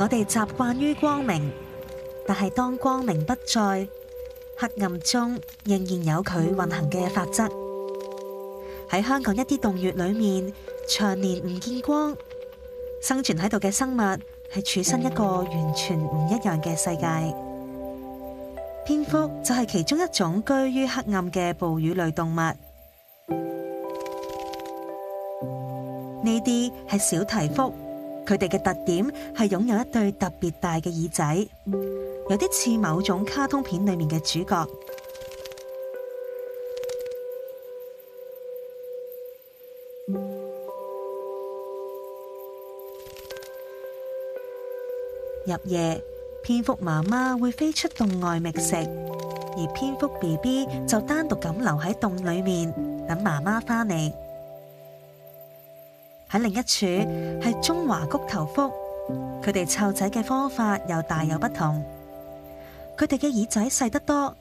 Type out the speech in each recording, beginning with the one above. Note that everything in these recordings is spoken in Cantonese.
我哋習慣於光明，但係當光明不再，黑暗中仍然有佢運行嘅法則。喺香港一啲洞穴裏面，長年唔見光，生存喺度嘅生物係處身一個完全唔一樣嘅世界。蝙蝠就係其中一種居於黑暗嘅哺乳類動物。呢啲係小蹄蝠。佢哋嘅特點係擁有一對特別大嘅耳仔，有啲似某種卡通片裏面嘅主角。入夜，蝙蝠媽媽會飛出洞外覓食，而蝙蝠 BB 就單獨咁留喺洞裏面，等媽媽返嚟。喺另一處係中華菊頭蝠，佢哋湊仔嘅方法又大有不同。佢哋嘅耳仔細得多，而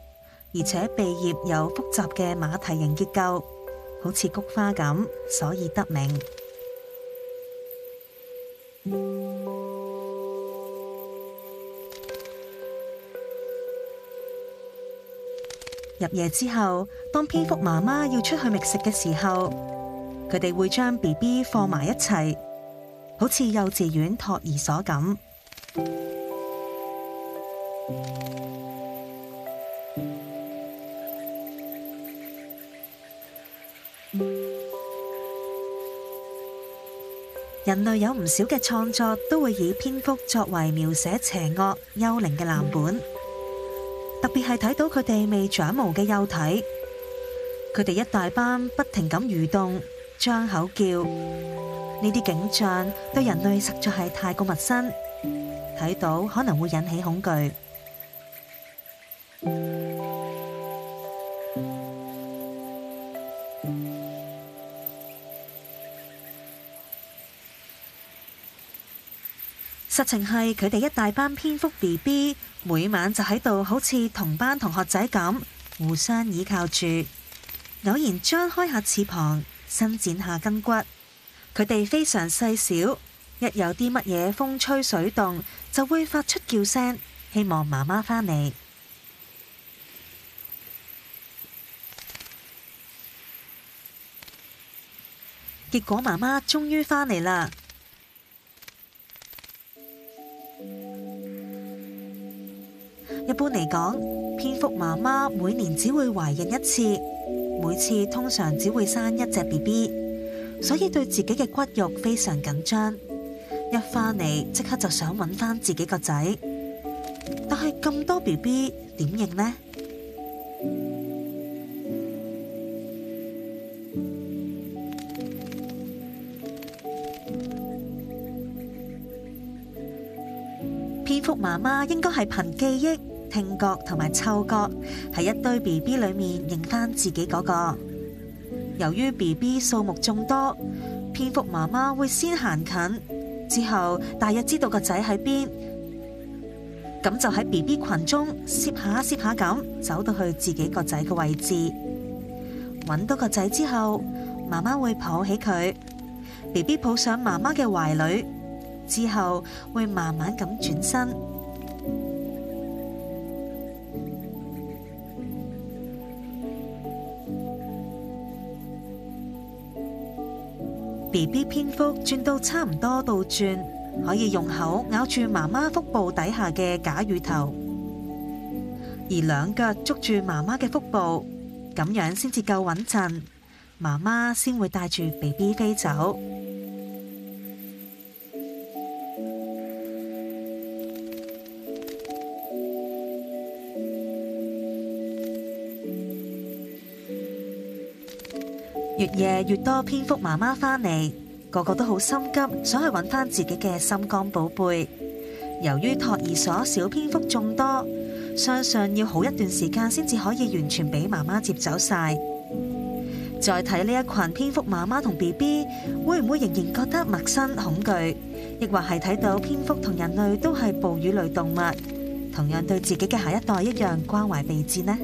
且鼻葉有複雜嘅馬蹄形結構，好似菊花咁，所以得名。 入夜之後，當蝙蝠媽媽要出去覓食嘅時候，佢哋會將 BB 放埋一齊，好似幼稚園托兒所咁。 人類有唔少嘅創作都會以蝙蝠作為描寫邪惡幽靈嘅藍本，特別係睇到佢哋未長毛嘅幼體，佢哋一大班不停咁蠕動，張口叫，呢啲景象對人類實在係太過陌生，睇到可能會引起恐懼。實情係佢哋一大班蝙蝠 BB，每晚就喺度好似同班同學仔咁互相倚靠住，偶然張開下翅膀。伸展下筋骨，佢哋非常細小，小，一有啲乜嘢風吹水動，就會發出叫聲，希望媽媽返嚟。結果媽媽終於返嚟啦。一般嚟講，蝙蝠媽媽每年只會懷孕一次。每次通常只會生一隻 BB，所以對自己嘅骨肉非常緊張。一翻嚟，即刻就想揾翻自己個仔，但係咁多 BB 點認呢？蝙蝠媽媽應該係憑記憶。聽覺同埋嗅覺，係一堆 B B 裏面認翻自己嗰個。由於 B B 數目眾多，蝙蝠媽媽會先行近，之後大約知道個仔喺邊，咁就喺 B B 群中攝下攝下咁，走到去自己個仔嘅位置，揾到個仔之後，媽媽會抱起佢，B B 抱上媽媽嘅懷裏，之後會慢慢咁轉身。B B 蝙蝠轉到差唔多到轉，可以用口咬住媽媽腹部底下嘅假乳頭，而兩腳捉住媽媽嘅腹部，咁樣先至夠穩陣，媽媽先會帶住 B B 飛走。越夜越多蝙蝠媽媽返嚟，個個都好心急，想去搵翻自己嘅心肝寶貝。由於托兒所小蝙蝠眾多，相信要好一段時間先至可以完全俾媽媽接走晒。再睇呢一群蝙蝠媽媽同 BB，會唔會仍然覺得陌生恐懼，亦或係睇到蝙蝠同人類都係哺乳類動物，同樣對自己嘅下一代一樣關懷備至呢？